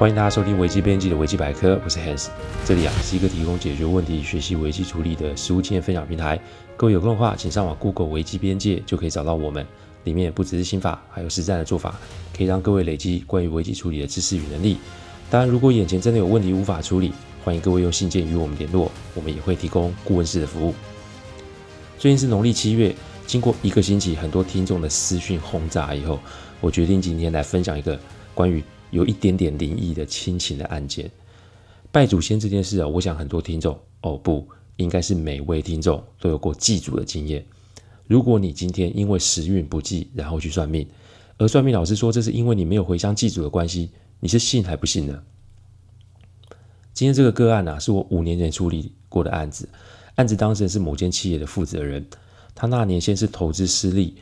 歡迎大家收聽危機邊界的危機百科，我是 Hans，這裡啊是一個提供解決問題、學習危機處理的實務經驗分享平台。各位有空的話，請上網 Google 危機邊界，就可以找到我們。裡面不只是心法，還有實戰的做法，可以讓各位累積關於危機處理的知識與能力。當然，如果眼前真的有問題無法處理，歡迎各位用信件與我們聯絡，我們也會提供顧問式的服務。最近是農曆七月，經過一個星期很多聽眾的私訊轟炸以後，我決定今天來分享一個關於有一點點靈異的親情的案件，拜祖先這件事啊，我想很多聽眾哦，不，應該是每位聽眾都有過祭祖的經驗。如果你今天因為時運不濟，然後去算命，而算命老師說這是因為你沒有回鄉祭祖的關係，你是信還不信呢？今天這個個案啊，是我五年前處理過的案子，案子當事人是某間企業的負責人，他那年先是投資失利，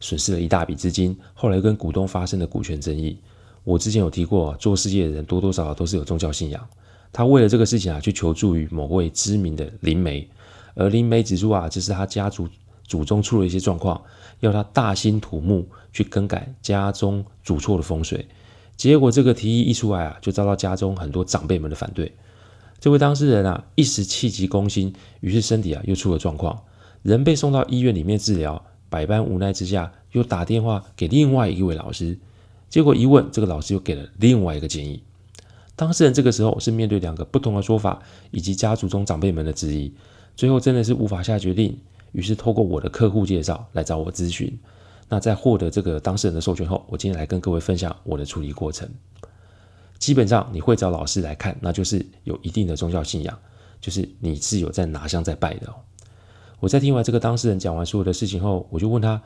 損失了一大筆資金，後來又跟股東發生了股權爭議。我之前有提過、啊，做事業的人多多少少都是有宗教信仰。他為了這個事情啊，去求助於某位知名的靈媒，而靈媒指出啊，這是他家族祖宗出了一些狀況，要他大興土木去更改家中祖厝的風水。結果這個提議一出來啊，就遭到家中很多長輩們的反對。這位當事人啊，一時氣急攻心，於是身體啊又出了狀況，人被送到醫院裡面治療。百般無奈之下，又打電話給另外一位老師。結果一問，這個老師又給了另外一個建議。當事人這個時候是面對兩個不同的說法，以及家族中長輩們的質疑，最後真的是無法下決定，於是透過我的客戶介紹來找我諮詢。那在獲得這個當事人的授權後，我今天來跟各位分享我的處理過程。基本上你會找老師來看，那就是有一定的宗教信仰，就是你是有在拿香在拜的哦。我在聽完這個當事人講完所有的事情後，我就問他，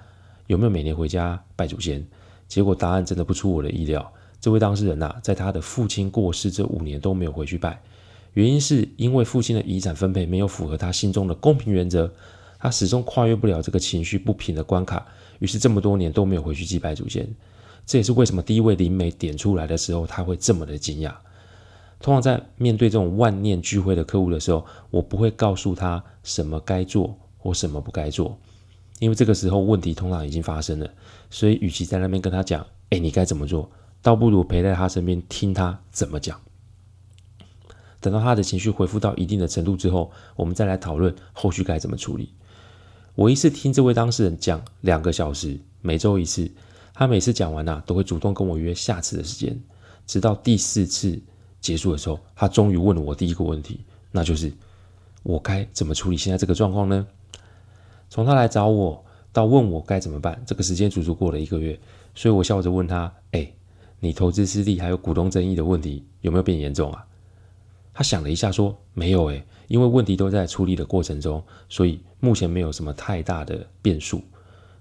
有沒有每年回家拜祖先？結果答案真的不出我的意料。這位當事人啊，在他的父親過世這五年都沒有回去拜，原因是因為父親的遺產分配沒有符合他心中的公平原則，他始終跨越不了這個情緒不平的關卡，於是這麼多年都沒有回去祭拜祖先。這也是為什麼第一位靈媒點出來的時候，他會這麼的驚訝。通常在面對這種萬念俱灰的客戶的時候，我不會告訴他什麼該做或什麼不該做。因為這個時候問題通常已經發生了，所以與其在那邊跟他講，哎，你該怎麼做，倒不如陪在他身邊聽他怎麼講。等到他的情緒恢復到一定的程度之後，我們再來討論後續該怎麼處理。我一次聽這位當事人講兩個小時，每周一次，他每次講完吶、啊，都會主動跟我約下次的時間。直到第四次結束的時候，他終於問了我第一個問題，那就是我該怎麼處理現在這個狀況呢？從他來找我，到問我該怎麼辦，這個時間足足過了一個月，所以我笑着問他：“哎，你投資失利還有股東爭議的問題有沒有變嚴重啊？”他想了一下說：“沒有哎，因為問題都在處理的過程中，所以目前沒有什麼太大的變數。”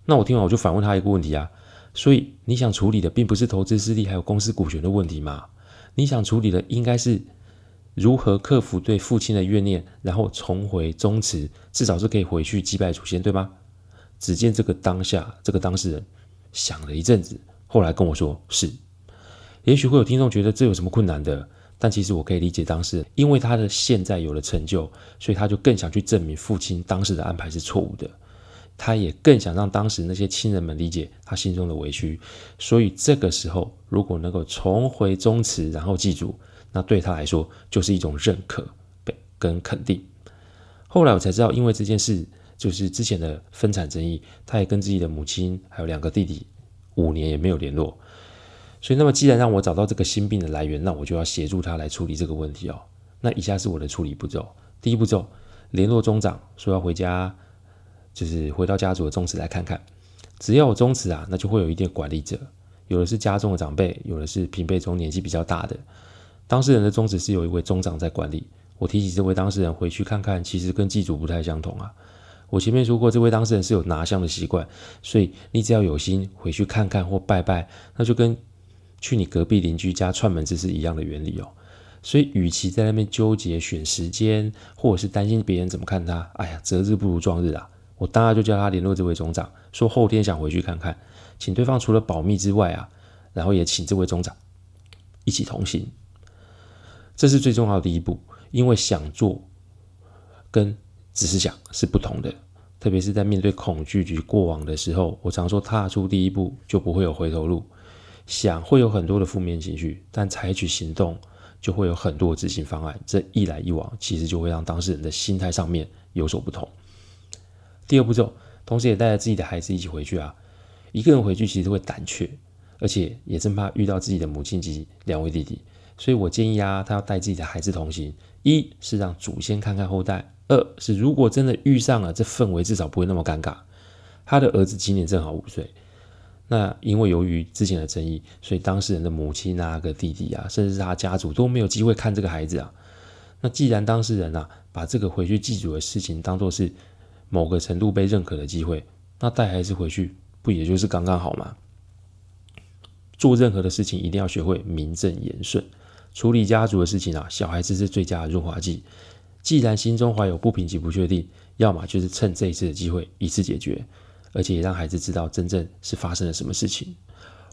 那我聽完我就反問他一個問題啊：“所以你想處理的並不是投資失利還有公司股權的問題嗎？你想處理的應該是？”如何克服對父親的怨念，然後重回宗祠，至少是可以回去祭拜祖先，對嗎？只見這個當下，這個當事人想了一陣子，後來跟我說是。也許會有聽眾覺得這有什麼困難的，但其實我可以理解當事人，因為他的現在有了成就，所以他就更想去證明父親當時的安排是錯誤的，他也更想讓當時那些親人們理解他心中的委屈。所以這個時候，如果能夠重回宗祠，然後記住。那對他來說就是一種認可跟肯定。後來我才知道，因為這件事就是之前的分產爭議，他也跟自己的母親還有兩個弟弟五年也沒有聯絡。所以，那麼既然讓我找到這個心病的來源，那我就要協助他來處理這個問題哦。那以下是我的處理步驟：第一步驟，聯絡宗長，說要回家，就是回到家族的宗祠來看看。只要我宗祠啊，那就會有一定管理者，有的是家中的長輩，有的是平輩中年紀比較大的。當事人的宗祠是有一位宗長在管理。我提起這位當事人回去看看，其實跟祭祖不太相同啊。我前面說過，這位當事人是有拿香的習慣，所以你只要有心回去看看或拜拜，那就跟去你隔壁鄰居家串門子是一樣的原理哦。所以，與其在那邊糾結選時間，或者是擔心別人怎麼看他，哎呀，擇日不如撞日啊。我當然就叫他聯絡這位宗長，說後天想回去看看，請對方除了保密之外啊，然後也請這位宗長一起同行。這是最重要的第一步，因為想做跟只是想是不同的，特別是在面對恐懼及過往的時候，我常說踏出第一步就不會有回頭路。想會有很多的負面情緒，但採取行動就會有很多的執行方案，這一來一往，其實就會讓當事人的心態上面有所不同。第二步驟，同時也帶着自己的孩子一起回去啊，一個人回去其實都會膽怯，而且也真怕遇到自己的母親及兩位弟弟。所以我建議啊，他要帶自己的孩子同行。一是讓祖先看看後代，二是如果真的遇上了，這氛圍至少不會那麼尷尬。他的兒子今年正好五歲，那因為由於之前的爭議，所以當事人的母親啊、那個弟弟啊，甚至是他家族都沒有機會看這個孩子啊。那既然當事人啊，把這個回去祭祖的事情當做是某個程度被認可的機會，那帶孩子回去不也就是剛剛好嗎？做任何的事情一定要學會名正言順。處理家族的事情啊，小孩子是最佳的潤滑劑。既然心中懷有不平及不確定，要麼就是趁這一次的機會一次解決，而且也讓孩子知道真正是發生了什麼事情。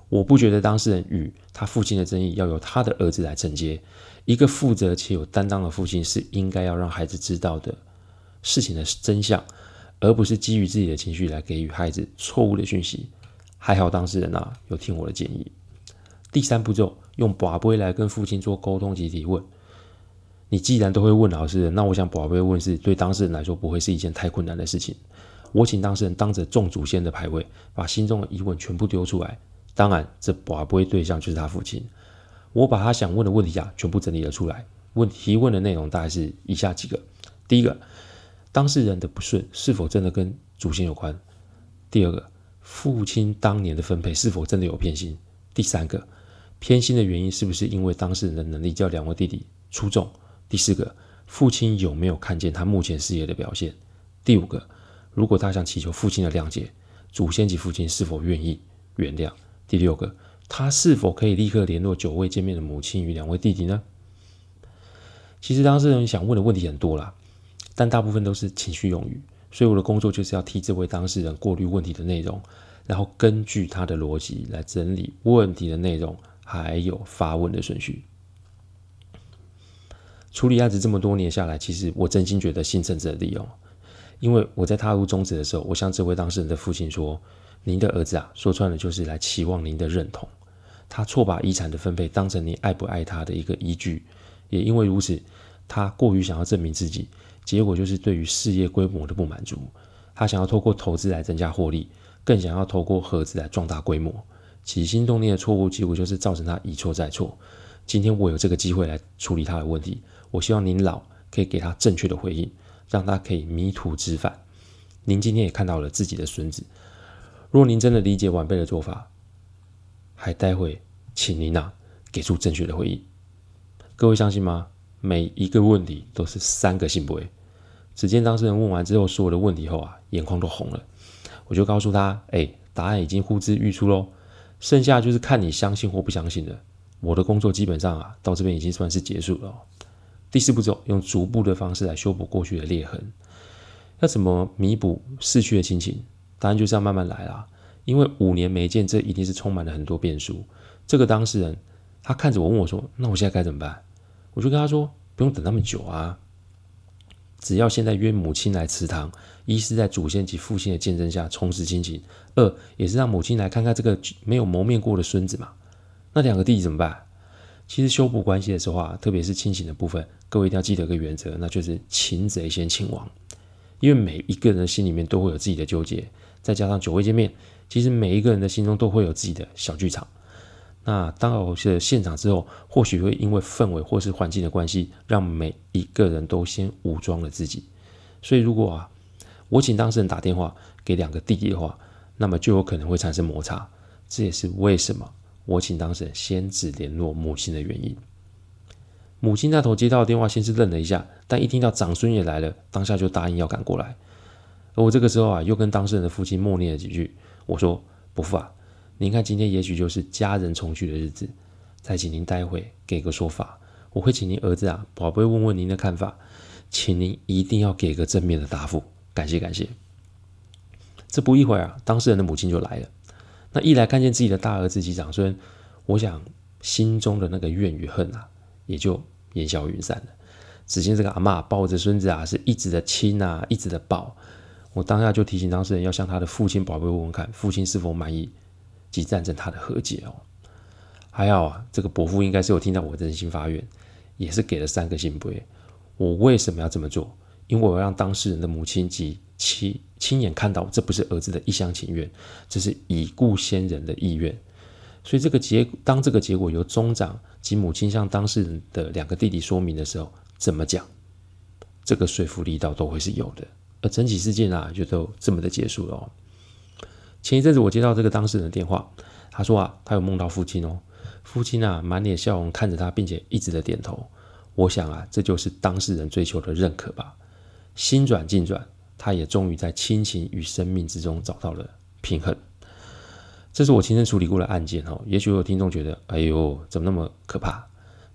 我不覺得當事人與他父親的爭議要由他的兒子來承接。一個負責且有擔當的父親是應該要讓孩子知道的事情的真相，而不是基於自己的情緒來給予孩子錯誤的訊息。還好當事人啊，有聽我的建議。第三步驟。用筊杯來跟父親做溝通及提問。你既然都會問老師，那我想筊杯問事對當事人來說不會是一件太困難的事情。我請當事人當着眾祖先的牌位，把心中的疑問全部丟出來。當然，這筊杯對象就是他父親。我把他想問的問題啊全部整理了出來。問提問的內容大概是以下幾個：第一個，當事人的不順是否真的跟祖先有關？第二個，父親當年的分配是否真的有偏心？第三個。偏心的原因是不是因為當事人的能力較兩位弟弟出眾？第四個，父親有沒有看見他目前事業的表現？第五個，如果他想祈求父親的諒解，祖先及父親是否願意原諒？第六個，他是否可以立刻聯絡久未見面的母親與兩位弟弟呢？其實當事人想問的問題很多啦，但大部分都是情緒用語，所以我的工作就是要替這位當事人過濾問題的內容，然後根據他的邏輯來整理問題的內容。還有發問的順序。處理案子這麼多年下來，其實我真心覺得幸甚者理用。因為我在踏入宗祠的時候，我向這位當事人的父親說：“您的兒子啊，說穿了就是來期望您的認同。他錯把遺產的分配當成你愛不愛他的一個依據。也因為如此，他過於想要證明自己，結果就是對於事業規模的不滿足。他想要透過投資來增加獲利，更想要透過合資來壯大規模。”起心動念的錯誤，幾乎就是造成他一錯再錯。今天我有這個機會來處理他的問題，我希望您老可以給他正確的回應，讓他可以迷途知返。您今天也看到了自己的孫子，若您真的理解晚輩的做法，還待會，請您啊，給出正確的回應。各位相信嗎？每一個問題都是三個信不為。只見當事人問完之後，所有的問題後啊，眼眶都紅了。我就告訴他，哎，答案已經呼之欲出嘍。剩下就是看你相信或不相信了。我的工作基本上啊，到這邊已經算是結束了。第四步驟，用逐步的方式來修補過去的裂痕。要怎麼彌補逝去的親情？答案就是要慢慢來啦。因為五年沒見，這一定是充滿了很多變數。這個當事人，他看着我問我說：“那我現在該怎麼辦？”我就跟他說：“不用等那麼久啊。”只要現在約母親來祠堂，一是在祖先及父親的見證下重拾親情；二也是讓母親來看看這個沒有謀面過的孫子嘛。那兩個弟弟怎麼辦？其實修補關係的時候啊，特別是親情的部分，各位一定要記得一個原則，那就是擒賊先擒王。因為每一個人的心裡面都會有自己的糾結，再加上久未見面，其實每一個人的心中都會有自己的小劇場。那當我到了現場之後，或許會因為氛圍或是環境的關係，讓每一個人都先武裝了自己。所以如果啊，我請當事人打電話給兩個弟弟的話，那麼就有可能會產生摩擦。這也是為什麼我請當事人先只聯絡母親的原因。母親那頭接到的電話，先是愣了一下，但一聽到長孫也來了，當下就答應要趕過來。而我這個時候啊，又跟當事人的父親默念了幾句，我說：“伯父啊。”您看，今天也許就是家人重聚的日子，再請您待會給個說法，我會請您兒子啊，寶貝問問您的看法，請您一定要給個正面的答覆，感謝感謝。這不一會兒啊，當事人的母親就來了，那一來看見自己的大兒子及長孫，我想心中的那個怨與恨啊，也就煙消雲散了。只見這個阿嬤抱着孫子啊，是一直的親啊，一直的抱。我當下就提醒當事人要向他的父親寶貝問問看，父親是否滿意。及贊成他的和解哦，還有啊，這個伯父應該是有聽到我人心發願，也是給了三個聖杯。我為什麼要這麼做？因為我要讓當事人的母親及親，親眼看到，這不是兒子的一廂情願，這是已故先人的意願。所以這個結，當這個結果由中長及母親向當事人的兩個弟弟說明的時候，怎麼講，這個說服力道都會是有的。而整體事件啊，就都這麼的結束了哦。前一陣子，我接到這個當事人的電話，他說啊，他有夢到父親哦，父親啊滿臉笑容看着他，並且一直的點頭。我想啊，這就是當事人追求的認可吧。心轉境轉，他也終於在親情與生命之中找到了平衡。這是我親身處理過的案件哦。也許有聽眾覺得，哎呦，怎麼那麼可怕？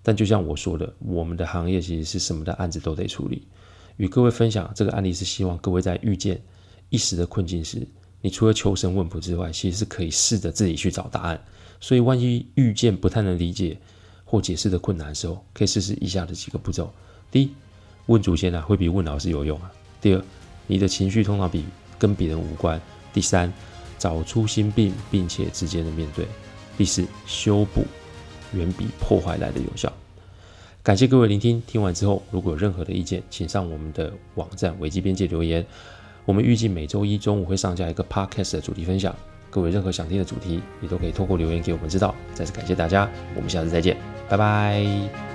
但就像我說的，我們的行業其實是什麼的案子都得處理。與各位分享這個案例，是希望各位在遇見一時的困境時。你除了求神問卜之外，其實是可以試着自己去找答案。所以，萬一遇見不太能理解或解釋的困難的時候，可以試試以下的幾個步驟：第一，問祖先啊，會比問老師有用啊；第二，你的情緒通常比跟別人無關；第三，找出心病，並且直接的面對；第四，修補遠比破壞來的有效。感謝各位聆聽，聽完之後，如果有任何的意見，請上我們的網站《危機邊界》留言。我們預計每周一中午會上架一個 podcast 的主題分享，各位任何想聽的主題，也都可以透過留言給我們知道。再次感謝大家，我們下次再見，拜拜。